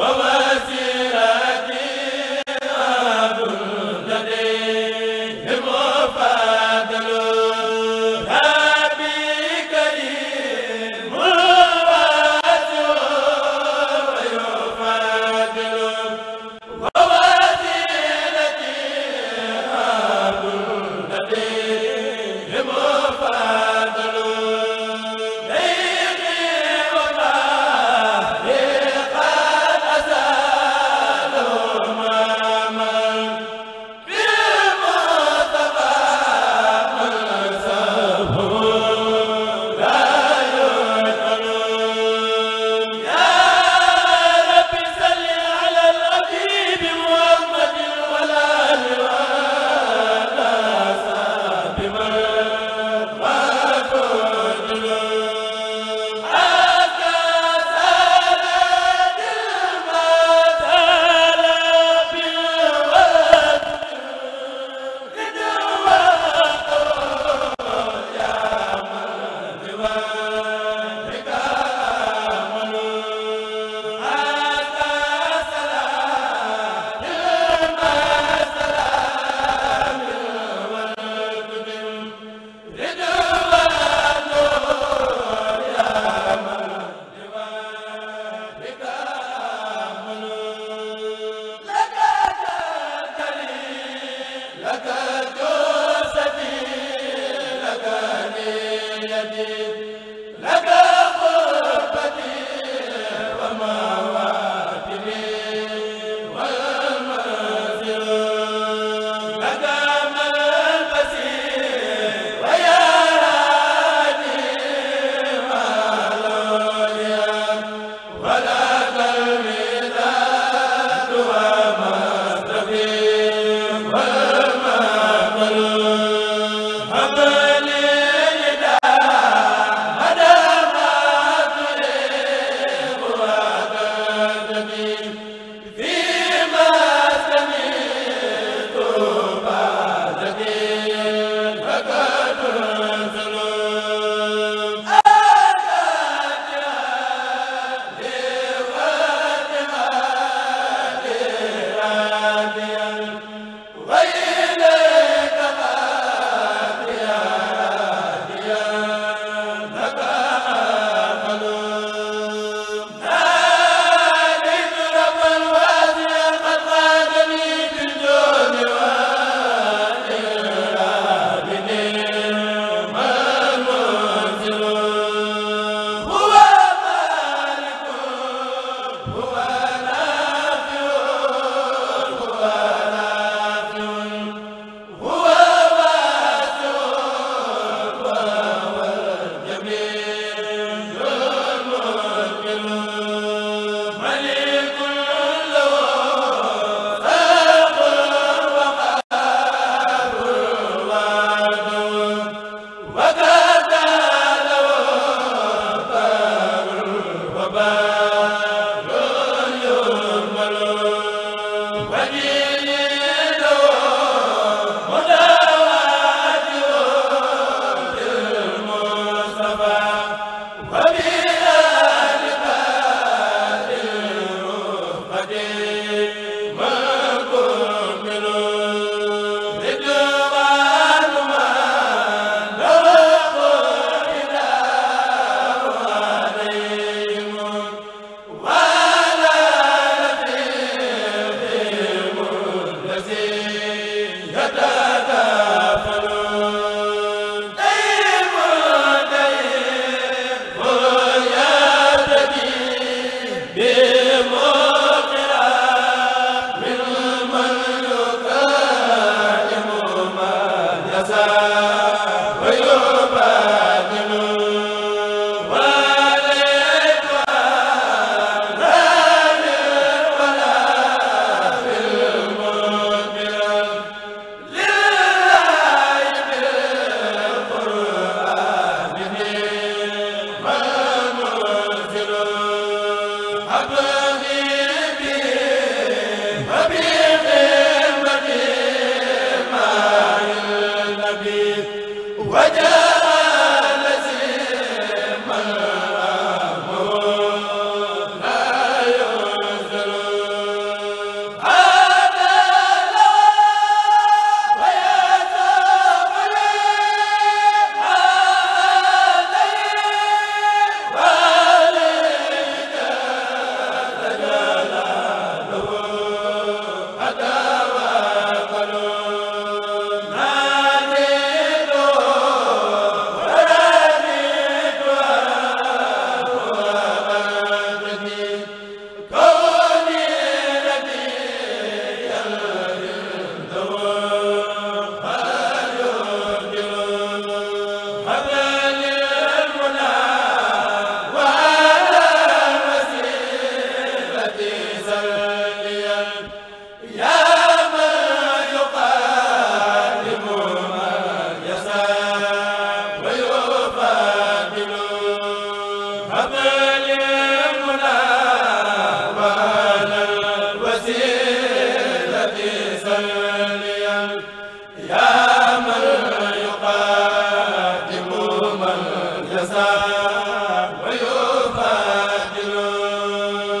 wa لك wa wa